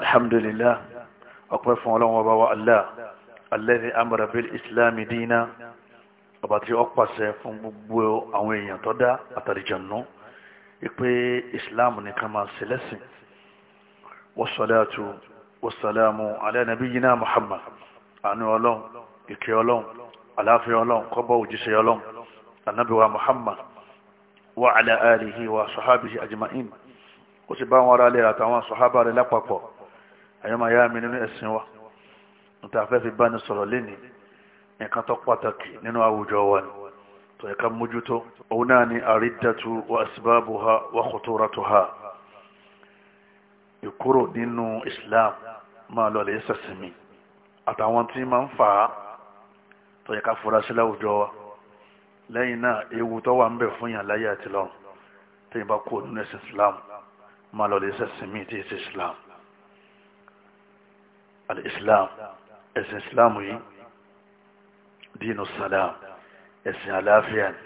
alhamdulillah ọpẹ́ fún ọlọ́run ọba wa allah alladhi amara bil islam dina ọba tí ó pàṣẹ fún gbogbo àwọn èèyàn tó dá àtàlìjànú ipe islam nìkan máa ṣe lẹ́sìn wasalaatu wasalaamu ala nabiyyina muhammad àánú ọlọ́run ìkẹ́ ọlọ́run àláfíà ọlọ́run kọ́bọ̀ òjíṣẹ́ ọlọ́run anabiwa muhammad wa ala alihi wa sahabihi ajma'in ó sì bá wọn ara lè àtàwọn sahaba rẹ̀ lápapọ̀ ẹ̀yọ́ máa yá mi nínú ẹ̀sìn wa nítorí afẹ́ fi bá ní sọ̀rọ̀ lénìí nǹkan tó pàtàkì nínú àwùjọ wa ni tó yẹ ká mójútó òun náà ni àrídàtú wa asbabuha wa khuturatuha ìkúrò nínú Islam máa lọ lè sàṣìmí àtàwọn tí máa ń fà á tó yẹ ká fura sí láwùjọ wa lẹ́yìn náà ewu tó wà ń bẹ fún yàn láyé àti lọ́run tó yẹ bá kó nínú ẹ̀sìn Islam máa lọ lè sàṣìmí tí ì sí Islam al-islam ẹ̀sìn islam yìí dínú salam ẹ̀sìn àlàáfíà ni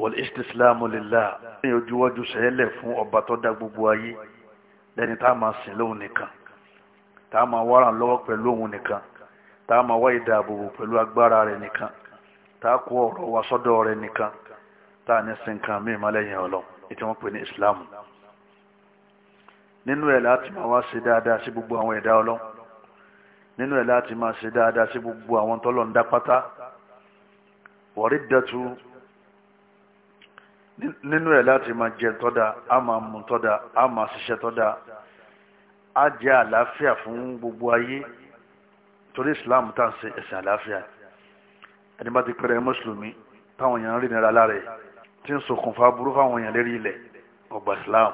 wal-istislamu lillah ní ojúwọ́jú sẹ́lẹ̀ fún ọba tó dá gbogbo ayé lẹ́ni tá a máa sìn lóhun nìkan tá a máa wárà lọ́wọ́ pẹ̀lú òun nìkan tá a máa wá ìdáàbòbò pẹ̀lú agbára rẹ̀ nìkan tá a kó ọ̀rọ̀ wa sọ́dọ̀ rẹ̀ nìkan tá a ní sìn kan mí ìmọ̀lẹ́yìn ọlọ́run ètò wọn pè ní ìsìláàmù nínú ẹ̀ láti máa wá ṣe dáadáa sí gbogbo àwọn ẹ̀dá ọlọ́run nínú ẹ̀ láti máa ṣe dáadáa sí gbogbo àwọn tọ́lọ̀ ń dá pátá wọ̀rí dẹ́tu nínú ẹ̀ láti máa jẹ tọ́da á máa mú tọ́da á máa ṣiṣẹ́ tọ́da á jẹ́ àlàáfíà fún gbogbo ayé torí Islam tá à ń ṣe ẹ̀sìn àlàáfíà ẹni bá ti pẹ́rẹ́ mùsùlùmí táwọn èèyàn rí nira lára ẹ̀ tí ń ṣokùnfà burú fáwọn èèyàn lérí ilẹ̀ ọgbà Islam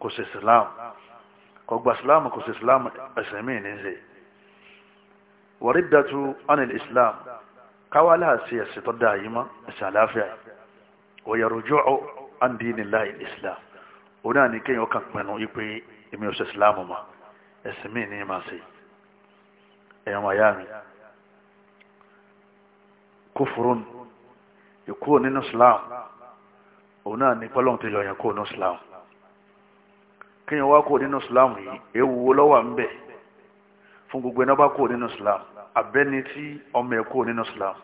kò ṣe Islam kọgbà islam kò sí islam ẹ̀sìn míì ní ṣe wàrídàtú anil islam káwá láàṣì ẹ̀sìn tó dáa yìí mọ́ ẹ̀sìn àlàáfíà òyàrújú ọ́ andinillahi islam ó náà ní kéèyàn kàn pinnu wípé èmi ò sí islam mọ́ ẹ̀sìn míì ní máa ṣe ẹ̀yàn wáyà mi kófurún islam òun náà ní pọ́lọ́n ti yọ̀yàn kúrò nínú islam kéèyàn wa kó nínú islam yìí ewu wo lọ́wọ́ ń bẹ̀ fún gbogbo ẹni bá kó nínú islam abẹ́ni tí ọmọ ẹ̀ kó nínú islam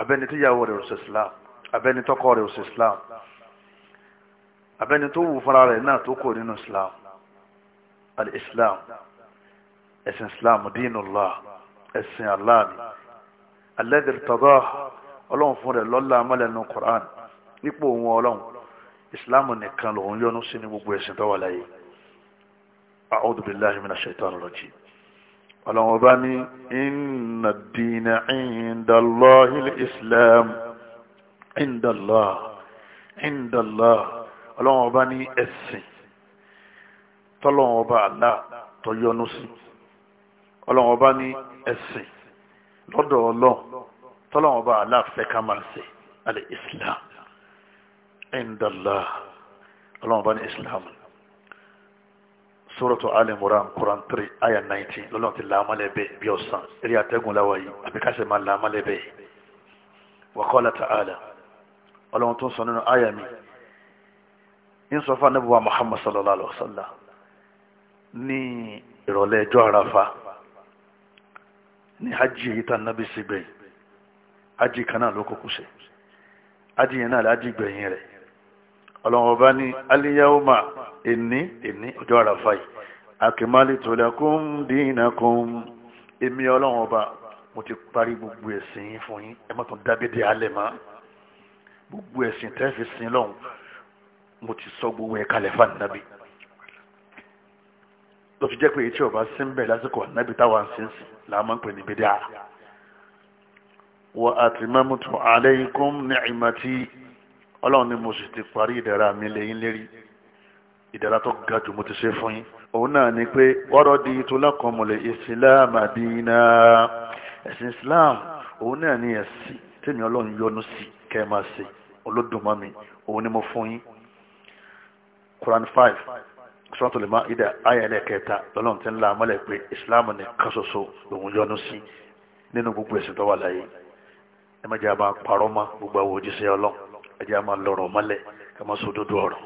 abẹ́ni tí ìyàwó rẹ̀ ò sí islam abẹ́ni tọ́kọ rẹ̀ ò islam abẹ́ni tó wù fúnra rẹ̀ náà tó kó nínú islam al-islam ẹ̀sìn islam dinullah ẹ̀sìn allah ni alẹ́dẹ̀ tọ́gọ́ ọlọ́run fún rẹ̀ lọ́la amálẹ́nu quran nípò òun ọlọ́run islam nìkan lòun yọ́nú sí ní gbogbo ẹ̀sìn tó láyé. أعوذ بالله من الشيطان الرجيم. ọlọ́wọ́n bá ní inna ad-dina indallahi al-islam indallah indallah ọlọ́wọ́n bá ní ẹ̀sìn tọ́lọ́wọ́n bá àlá tó yọ́nú sí ọlọ́wọ́n bá ní ẹ̀sìn lọ́dọ̀ ọlọ́run tọ́lọ́wọ́n bá àlá fẹ́ ká máa ṣe islam indallah ọlọ́wọ́n bá ní islam ni sóròtò alimuran quran three aya nineteen lọ́lọ́run ti làámálẹ̀ bẹ́ẹ̀ bí ọ̀sán eré atẹ́gùn láwa yìí àbíkásẹ̀ máa làámálẹ̀ bẹ́ẹ̀ wàkọ́lá ta'ala ọlọ́run tó ń sọ nínú aya mi ń sọ fún anábùwà muhammad sallallahu alayhi wa sallam ní ìrọ̀lẹ́ ẹjọ́ àràfà ní hajj yìí tá nábì sí gbẹ̀yìn hajj kan náà ló kókó ṣe hajj yẹn náà lè hajj gbẹ̀yìn rẹ̀ ọlọ́run ọba ní aliyahoma ẹni ẹni ọjọ́ àràfà yìí akimali tolakum dinakum èmi ọlọ́run ọba mo ti parí gbogbo ẹ̀sìn yín fún yín ẹ má tún dábẹ́dẹ́ alẹ́ mọ́ gbogbo ẹ̀sìn tẹ́ fi sin lọ́hùn mo ti sọ gbogbo ẹ̀ kalẹ̀ fún ànábì ló jẹ́ pé etí ọba sí lásìkò ànábì táwa ń sin sí làá máa ń pè ní bídíà wa atmamtu alaykum ni'mati ọlọ́run ni mo sì ti parí ìdẹ̀ra mi lé yín lérí ìdẹ̀ra tó ga jù mo ti ṣe fún yín. òun náà ni pé wọ́rọ̀ di ìtúlákọ̀mọ̀lẹ̀ ìsìláàmù àdínà ẹ̀sìn islam òun náà ni ẹ̀sìn tèmi ọlọ́run yọ́nú sí kẹ́ ẹ máa ṣe olódùmọ́mi òun ni mo fún yín. Quran five suratul Maida aya ẹlẹ́kẹta lọ́lọ́run ti ń la amọ́lẹ̀ pé islam nìkan ṣoṣo lòun yọ́nú sí nínú gbogbo ẹ̀sìn tó wà láyé ẹ má jẹ́ àbá parọ́ mọ́ gbogbo àwọn ọlọ́run ẹjẹ́ a máa lọ̀rọ̀ mọ́lẹ̀ ká máa sòdodo ọ̀rọ̀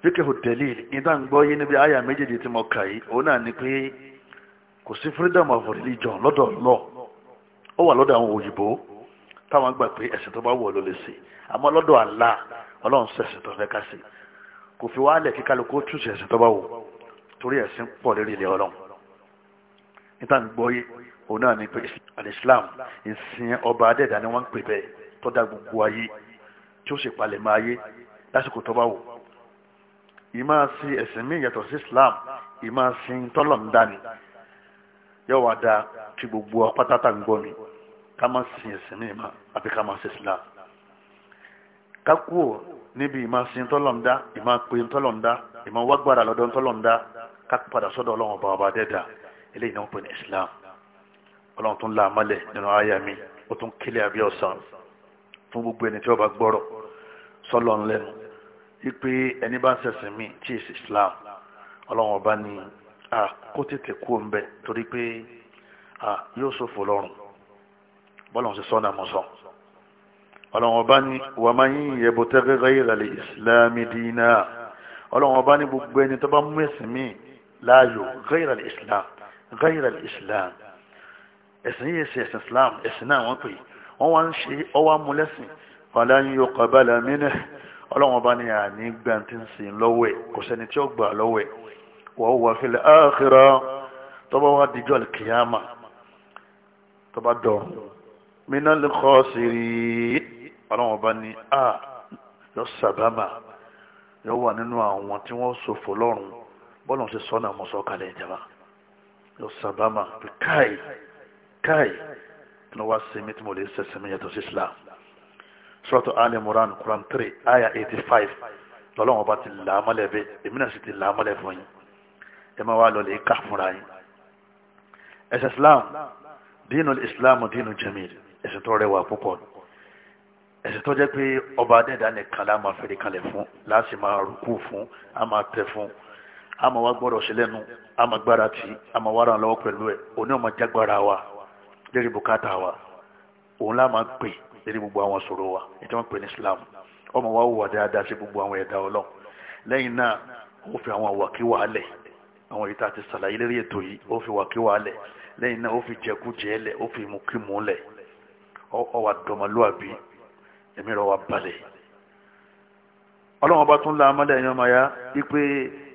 fíkẹ́hù tẹ̀líl ìdá ń gbọ́ yé níbi àyà méjèèjì tí mo kà yìí òun náà ni pé kò sí freedom of religion lọ́dọ̀ lọ ó wà lọ́dọ̀ àwọn òyìnbó táwọn gbà pé ẹ̀sìn tó bá wọ̀ ló lè ṣe àmọ́ lọ́dọ̀ Allah ọlọ́run sẹ̀sìn tó fẹ́ ká sí kò fi wálẹ̀ kí kálukú ó túnṣe ẹ̀sìn tó òun náà ni pé alislam ìsìn ọba adẹ́dà ni wọ́n ń pè bẹ́ẹ̀ tọ́da gbogbo ayé tí ó sì palẹ̀ máa yé lásìkò tó bá wò ìmáa sí ẹ̀sìn míì yàtọ̀ sí islam ìmáa sí tọ́lọ̀ ń dání yóò wá da kí gbogbo apátátá ń gbọ́ mi ká má sin ẹ̀sìn míì má àbí ká má sí islam ká kúrò níbi ìmáa sí tọ́lọ̀ ń dá ìmáa pè tọ́lọ̀ ń dá ìmáa wá gbára lọ́dọ̀ tọ́lọ̀ ń dá ká padà sọ́dọ̀ ọlọ́run ọba ọba adẹ́dà eléyìí náà pè ní islam ọlọ́run tún làmọ́lẹ̀ nínú àyà mi ó tún kílẹ̀ àbí ọ̀sán fún gbogbo ẹni tí wọ́n bá gbọ́rọ̀ sọ́lọ́ ńlẹ́nu wípé ẹni bá ń ṣẹ̀sìn mí tí èsì Islam ọlọ́run ọba ni kó tètè kú ọ̀nbẹ torí pé yóò ṣòfò lọ́rùn bọ́lá ń ṣe sọ́nà mọ́sán ọlọ́run ọba ni wà máa yín ìyẹ̀bù tẹ́gẹ́ ghayra islam dínà ọlọ́run ọba ni gbogbo ẹni tó bá mú ẹ̀sìn mí láàyò ghayra al-Islam ghayra al-Islam ẹ̀sìn yìí ṣe ẹ̀sìn Islam ẹ̀sìn náà wọ́n pè wọ́n wá ń ṣe ọwọ́ amúlẹ́sìn falan yuqbala minhu ọlọ́wọ́n bá ní àní gbàǹtí ń sìn lọ́wọ́ ẹ̀ kò sẹ́ni tí ó gbà lọ́wọ́ ẹ̀ wa huwa fil akhirah tọ́ba wá dijọ́ kìyàmà tọ́ba dọ̀ minal khasirin ọlọ́wọ́n bá ní a yọ sàbámà yọ wà nínú àwọn tí wọ́n ṣòfò lọ́rùn bọ́lọ̀ ṣe sọ́nà mọ́sọ́kalẹ̀ ìjàmbá yọ sàbámà bí káyìí káì ní wàá sinmi tí mo lè sẹ̀sẹ̀ mi yàtọ̀ sí islam suratu ali moran quran three aya eighty five lọ́lọ́wọ́n bá ti là á mọ́lẹ̀ bẹ́ẹ̀ èmi náà sì ti là á mọ́lẹ̀ fún yín ẹ máa wá lọ lè ká fúnra yín ẹ̀sẹ̀ islam dínú islam dínú jamil ẹ̀sẹ̀ tó rẹwà púpọ̀ ẹ̀sẹ̀ tó jẹ́ pé ọba adẹ́dá nìkan lá máa fẹ́rẹ̀ kalẹ̀ fún láti máa rúkú fún á máa tẹ fún á máa wá gbọ́dọ̀ sílẹ̀ nu á máa gbára tì í á máa wára lọ́wọ́ pẹ̀lú ẹ̀ òní ọmọ jágbára wa lérí bùkátà wa òun láà máa pè lérí gbogbo àwọn sọ̀rọ̀ wa ètò wọn pè ní Islam ọmọ wa wùwà dáadáa sí gbogbo àwọn ẹ̀dá ọlọ́run lẹ́yìn náà ó fi àwọn àwàkíwà alẹ̀ àwọn ìta àti sàlàyé lérí ètò yìí ó fi wàkíwà alẹ̀ lẹ́yìn náà ó fi jẹkújẹ lẹ̀ ó fi ìmúkímú lẹ̀ ó wà dọ̀mọlúàbí ẹ̀mí rẹ̀ wà balẹ̀ ọlọ́run bá tún la amálẹ̀ ẹ̀yàn máa ya, wípé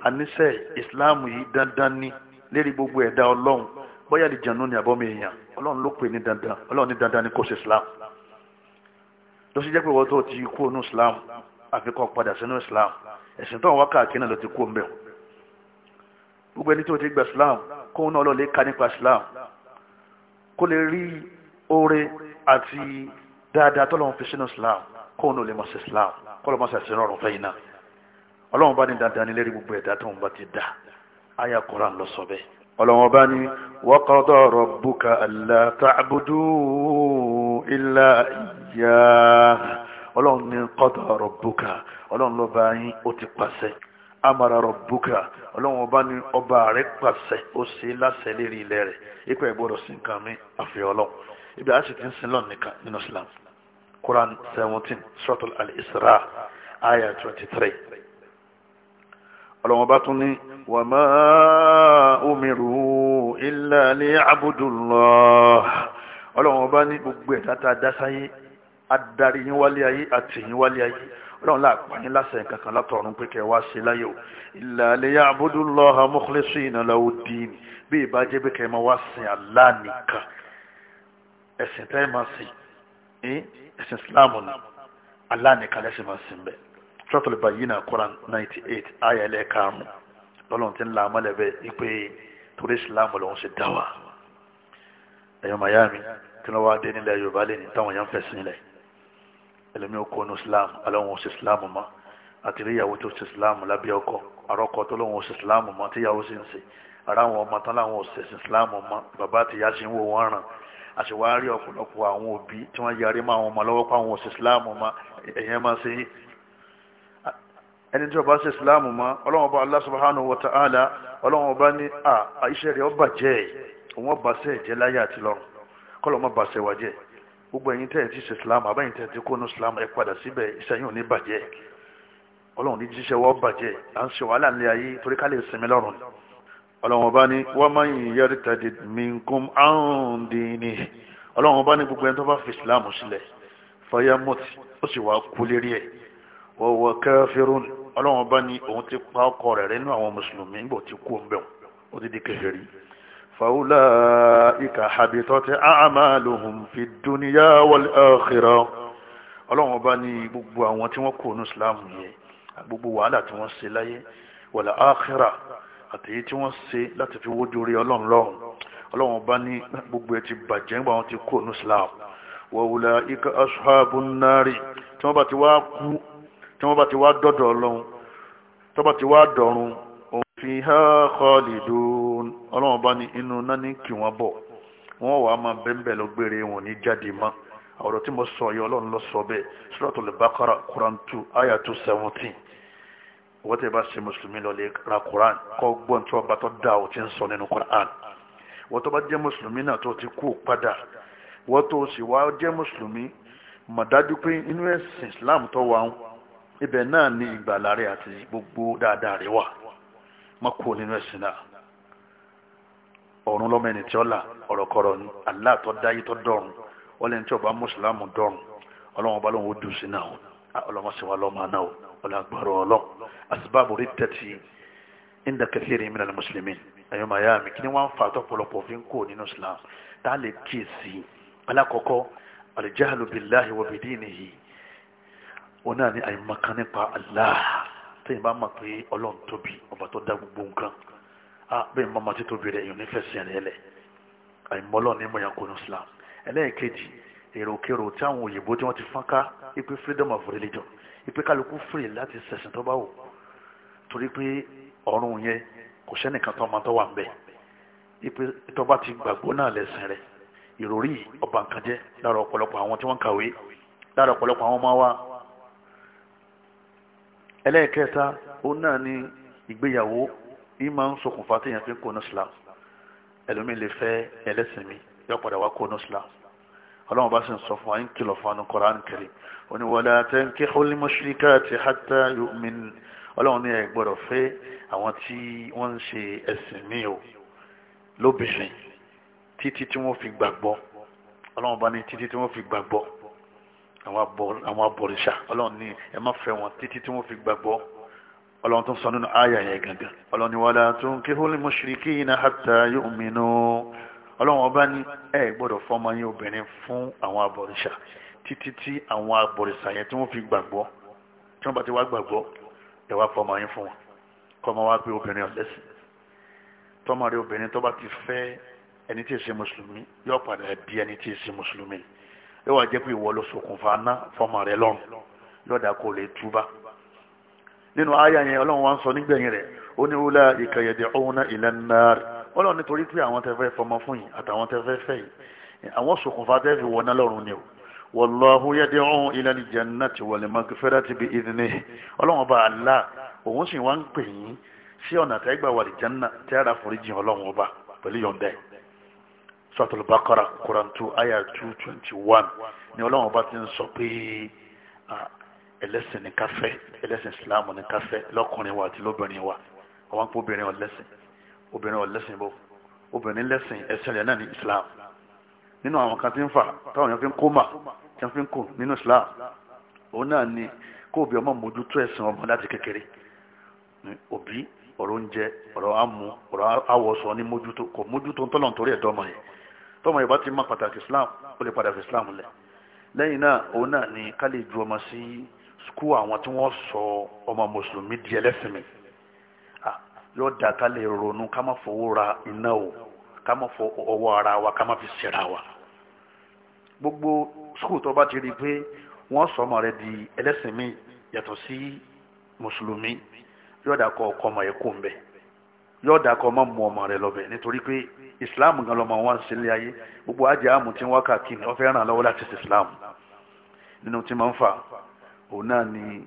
àníṣe Islam yìí dandan ni lérí gbogbo ẹ̀dá ọlọ́run bóyá lè jẹun ní àbọ̀mọ èèyàn ọlọ́run ló pè ní dandan ọlọ́run ní dandan ní kò islam ló sì jẹ́ pé wọ́n tó ti kú inú islam àfikọ́ padà sínú islam ẹ̀sìn tó ń wá káàkiri náà ló ti kú mbẹ́ gbogbo ẹni tó ti gba islam kóun náà lọ́ọ́ lè ka nípa islam kó lè rí oore àti dáadáa tó lọ́wọ́ fi sínú islam kóun náà lè mọ̀ sí islam kó lọ́ mọ̀ sí ẹ̀sìn rọrùn fẹ́yìn náà ọlọ́run bá ní dandan ní lérí gbogbo ẹ̀dá tó ń ọlọ́wọ́n bá ní waqada rabbuka alla ta'budu illa iyyah ọlọ́run ní qada rabbuka ọlọ́run ló bá yín ó ti pàṣẹ amara rabbuka ọlọ́run ọba ní ọba rẹ̀ pàṣẹ ó ṣe láṣẹ lérí ilẹ̀ rẹ̀ ipò ìgbọ́dọ̀ sí nǹkan mi àfihàn ọlọ́run ibi a ti ń sin lọ́nà nìkan nínú Islam Quran seventeen suratul al-Isra ayah twenty three ọlọ́wọ́n bá tún ní wa ma umiru illa liya'budullah ọlọ́wọ́n bá ní gbogbo ẹ̀dá tá a dá sáyé adarí yín wálé ayé àtìyín wálé ayé ọlọ́run láàpá yín lásẹ̀ kankan látọ̀run pé kẹ́ wá ṣe láyé o illa liya'budullaha mukhlisina lahu ddin bí ìbájẹ́ pé kẹ́ máa wá sin Allah nìkan ẹ̀sìn tẹ́ máa sìn ẹ̀sìn Islam ni Allah nìkan lẹ́sìn máa sìn bẹ́ẹ̀ ba yina quran ninety eight aya ẹlẹ́ẹ̀karùn-ún lọ́lọ́run ti ń la amálẹ̀bẹ̀ ipe torí islam lòun ṣe dá wa ẹ̀yọ́ miami tí wọ́n wá dé nílẹ̀ yorùbá lẹ́ni táwọn yẹn ń fẹ̀sìn nílẹ̀ ẹlẹ́mi ó kọ́nu islam aláwọn ṣe islam mọ́ àti ìyàwó tó ṣe islam lábẹ́ ọkọ àrọ́kọ tó lọ́wọ́ ṣe islam mọ́ tí ìyàwó sì ń ṣe ara àwọn ọmọ tán láwọn ṣe islam mọ́ bàbá àti ìyá ṣe ń wò wọ́n ràn àṣewárí ọ̀pọ̀lọpọ̀ àwọn òbí tí wọ́n yarí mọ́ àwọn ọmọ lọ́wọ́ pa islam mọ́ ẹ̀yẹn máa ẹni tí ó bá ṣe ìsìláàmù mọ́ ọlọ́run ọba Allah subhanahu wa ta'ala ọlọ́run ọba ní à iṣẹ́ rẹ̀ ọba jẹ́ òun ọba ṣe ẹ̀jẹ̀ láyé àti lọ́run kọ́lọ̀ ọmọ bá ṣe wà jẹ́ gbogbo ẹ̀yin tẹ́ ẹ̀ ti ṣe ìsìláàmù àbẹ́yìn tẹ́ ẹ̀ ti kó nu ìsìláàmù ẹ̀ padà síbẹ̀ iṣẹ́ yìí ò ní bàjẹ́ ọlọ́run ní jíṣẹ́ wọ́ bàjẹ́ à ń ṣe wàhálà nílé ayé torí ká lè sinmi lọ́run ọlọ́run ọba ní ní gbogbo wa huwa kafirun ọlọ́run bá ní òun ti pa ọkọ rẹ̀ rẹ̀ nínú àwọn mùsùlùmí nígbà tí kú ń bẹ̀rù ó ti di kèfèrí fa ulaika habitat a'maluhum fi dunya wal akhirah ọlọ́run bá ní gbogbo àwọn tí wọ́n kú ní islam yẹn gbogbo wàhálà tí wọ́n ṣe láyé wal akhirah àtẹ̀yí tí wọ́n ṣe láti fi wójú rí ọlọ́run lọ́run tí wọ́n bá ti wá dọ́dọ̀ ọlọ́run tó bá ti wá dọ̀run fiha khalidun ọlọ́run bá ní inú náà ní kí wọ́n bọ̀ wọ́n wàá máa bẹ́ńbẹ́ lọ gbére wọn ní jáde mọ́ ọ̀rọ̀ tí mo sọ yìí ọlọ́run ló sọ bẹ́ẹ̀ Suratul Baqara Quran two aya two seventeen wọ́n tẹ̀ bá ṣe mùsùlùmí lọ lè ra Quran kọ́ gbọ́n tí wọ́n bá tọ́ da ọ̀ tí ń sọ nínú Quran wọ́n tó bá jẹ́ mùsùlùmí náà tó ti kú padà wọ́n tó sì wá jẹ́ mùsùlùmí mọ̀ pé inú ẹ̀sìn Islam tó wà ń ibẹ̀ náà ni ìgbàlá rẹ̀ àti gbogbo dáadáa rẹ̀ wà má kúrò nínú ẹ̀sìn náà ọ̀run lọ́mọ ẹni tí ó là ọ̀rọ̀kọ̀rọ̀ ni Allah tó dáyé tó dọ̀run ọlẹ́ni tí ó bá mùsùlùmù dọ̀run ọlọ́run ọba lóun ó dùn sí náà ọlọ́mọsíwá lọ́mọ náà ọlọ́gbọ̀rọ̀ ọlọ́run àsìbáàbò rí tẹ̀tì inda kathiri min al-muslimin mayami kí ni wọ́n fa tọ́pọ̀lọpọ̀ fi ń kó nínú islam tá a lè kíyèsí alákọ̀ọ́kọ́ al-jahlu billahi wa òun náà ní àìmọ̀kan nípa Allah tẹ́yìn bá mọ̀ pé ọlọ́run tóbi ọba tó dá gbogbo nǹkan bẹ́ẹ̀ ni mọ́mọ́ ti tóbi rẹ̀ èèyàn nífẹ̀ẹ́ sí ẹ̀rẹ́ ẹlẹ̀ àìmọ́lọ́ ní mọ̀yàn kò ní Islam èròkèrò tí àwọn òyìnbó tí wọ́n ti fọ́nká ipe freedom of religion ipe kálukú free láti ṣẹ̀sìn tó bá wò torí pé ọ̀run yẹn kò sẹ́nìkan tó máa tó wà ń bẹ̀ ipe tó bá ti gbàgbọ́ náà lẹ́sìn rẹ̀ ìròrí ọba nǹkan jẹ́ lára ọ̀pọ̀lọpọ̀ àwọn tí wọ́n kàwé lára ọ̀pọ̀lọpọ̀ àwọn ọmọ wa ẹlẹ́ẹ̀kẹta òun náà ni ìgbéyàwó yìí máa ń ṣokùnfà téèyàn fi ń kóná sílá ẹlòmíì lè fẹ́ ẹlẹ́sìn mi yọ padà wá kóná sílá ọlọ́run bá sì ń sọ fún wa ń kìlọ̀ fún anú Qur'an Karim ó ní wala tankihul mushrikati hatta yu'min ọlọ́run ní ẹ gbọ́dọ̀ fẹ́ àwọn tí wọ́n ń ṣe ẹ̀sìn mi o lóbìnrin títí tí wọ́n fi gbàgbọ́ ọlọ́run bá ní títí tí wọ́n fi gbàgbọ́ àwọn abọ̀rìṣà ọlọ́run ní ẹ má fẹ́ wọn títí tí wọ́n fi gbàgbọ́ ọlọ́run tó ń sọ nínú àyà yẹn gangan ọlọ́run ní wàlá tunkihul mushrikina hatta yu'minu ọlọ́run ọba ní ẹ gbọ́dọ̀ fọ́mọ yín obìnrin fún àwọn abọ̀rìṣà títí tí àwọn abọ̀rìṣà yẹn tí wọ́n fi gbàgbọ́ tí wọ́n bá ti wá gbàgbọ́ ẹ wá fọ́mọ yín fún wọn kọ́mọ wá pé obìnrin ọ̀lẹ́sìn tọ́mọ yóò wá jẹ́ pé ìwọ ló ṣokùnfà ná fọmọ rẹ lọ́rùn lọ́dà kò lè túbà nínú àyà yẹn ọlọ́run wá ń sọ nígbẹ̀yìn rẹ̀ ó ní wúlá ìkẹyẹ̀dẹ̀ ọ̀hún náà ilẹ̀ náà rẹ̀ ọlọ́run nítorí pé àwọn tẹ́fẹ́ fọmọ fún yìí àtàwọn tẹ́fẹ́ fẹ́ yìí àwọn ṣokùnfà tẹ́fẹ́ wọ náà lọ́rùn ni o wàlláhu yẹ́dẹ̀ ọ̀hún ilẹ̀ nìjẹ̀nà ti wọlé mọ́kífẹ́rẹ́ ti bí ìdíní ọlọ́run ọba àlá òun sì wá ń pè yín sí ọ̀nà tẹ́gbà wà lìjẹ̀nà foríjì ọlọ́run ọba pẹ̀lú yọ̀ǹda ẹ̀ suratul bakara quran two aya two twenty one ni ọlọ́run ọba ti ń sọ pé ẹlẹ́sìn ní káfẹ́ ẹlẹ́sìn ìsìláàmù ní káfẹ́ lọ́kùnrin wa àti lóbìnrin wa àwọn pé obìnrin ọ̀lẹ́sìn obìnrin ọ̀lẹ́sìn bò obìnrin lẹ́sìn ẹ̀sìn rẹ̀ náà ní islam nínú àwọn kan tí ń fà táwọn èèyàn fi ń kó mà tí wọ́n fi ń kó nínú islam òun náà ni kó obì ọmọ mójútó ẹ̀sìn ọmọ láti kékeré òbí ọ̀rọ̀ oúnjẹ ọ̀rọ̀ amú ọ̀rọ̀ awọ̀sọ ní mójútó kò mójútó ń tọ́lọ̀ nítorí ẹ̀dọ́ ọmọ yẹn tọmọ ìbá ti má pàtàkì islam ó lè padà fi islam lẹ̀ lẹ́yìn náà òun náà ni ká lè ju ọmọ sí skú àwọn tí wọ́n sọ ọmọ mùsùlùmí di ẹlẹ́sìn mi yóò dá ká lè ronú ká má fowó ra iná o ká má fọ ọwọ́ ara wa ká má fi ṣera wa gbogbo skú tó bá ti rí i pé wọ́n sọ ọmọ rẹ di ẹlẹ́sìn mi yàtọ̀ sí mùsùlùmí yóò dá kọ́ ọkọ ọmọ ẹ̀kọ́ ń bẹ́ẹ̀ yóò dà kọ́ ọmọ mu ọmọ rẹ lọ́bẹ̀ nítorí pé islam gan lọ́mọ wọn ṣe lé ayé gbogbo ajé àmú tí wọ́n kà kí ni wọ́n fẹ́ ràn láti ṣe islam nínú tí máa ń fà òun náà ni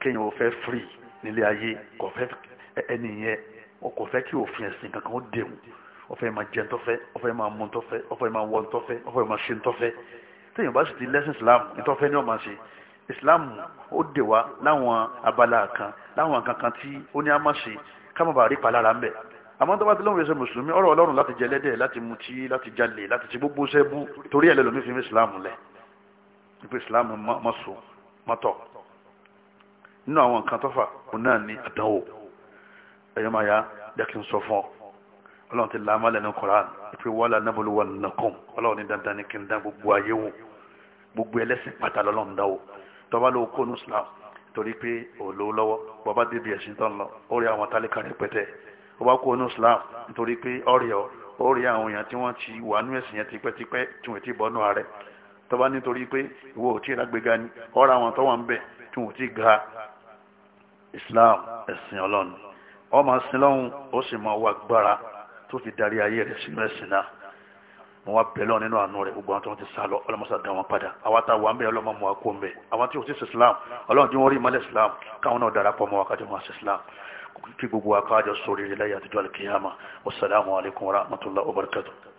kéèyàn ò fẹ́ free nílé ayé kò fẹ́ ẹni yẹn kò fẹ́ kí òfin ẹ̀sìn kankan ó dẹ̀wù ó fẹ́ máa jẹun tó fẹ́ ó fẹ́ máa mu tó fẹ́ máa wọ tó fẹ́ máa ṣe tó téèyàn bá sì ti lẹ́sìn islam nítọ́fẹ́ ni wọ́n máa ṣe islam ó dè wá láwọn abala kan láwọn kankan tí ó ní á má ṣe ká má bàa rí palára ń bẹ̀ àmọ́ tó bá ti lóun fẹsẹ̀ mùsùlùmí ọ̀rọ̀ ọlọ́run láti jẹ lẹ́dẹ̀ láti mutí láti jalè láti ti gbogbo sẹ́bù torí ẹ̀ lẹ́lòmí fi mí ìsìláàmù lẹ̀ nípa ìsìláàmù mọ́sù mọ́tọ̀ nínú àwọn nǹkan tọ́fà òun náà ní àdánwò ẹ̀yọ́ máa ya jẹ́ kí n sọ fún ọ ọlọ́run ti láàmú alẹ́ ní koran ìpè wàhálà nábọ̀lù nàkùn ọlọ́run ní dandan ní kí n dá gbogbo ayé wò gbogbo ẹlẹ́sìn pátá lọ́lọ́run dáwò tọ́ba lówó kónú islam torí pé òòlò lọ́wọ́ bàbá débi ẹ̀sìn tán lọ ó rí àwọn tálíkà rẹpẹtẹ ó bá kó onú Islam nítorí pé ọ̀rẹ́ ọ ó rí àwọn èèyàn tí wọ́n ti wà nú ẹ̀sìn yẹn tipẹ́tipẹ́ tí wọ́n ti bọ́nú ààrẹ tọ́ba nítorí pé ìwọ ò tí ì lágbèéga ni ọ̀rọ̀ àwọn tó wà ń bẹ̀ tí wọ́n ti ga Islam ẹ̀sìn ọlọ́run ọmọ sin lọ́hùn ó sì mọ owó agbára tó fi darí ayé rẹ̀ sínú ẹ̀sìn náà wọn wá bẹ̀rẹ̀ lọ nínú àánú rẹ̀ gbogbo àwọn tí wọ́n ti sá lọ ọlọ́mọṣà dá wọn padà àwa tá wà ń bẹ̀ ọlọ́mọ mu àkó ń bẹ̀ àwọn tí o ti sè islam ọlọ́run tí wọ́n rí ìmọ̀lẹ̀ islam káwọn náà darapọ̀ mọ́ wákàtí wọn sè islam kí gbogbo akájọ sórí ilẹ̀ yàtijọ́ alikiyama wasalaamualeykum wa rahmatulah wa barakatuh.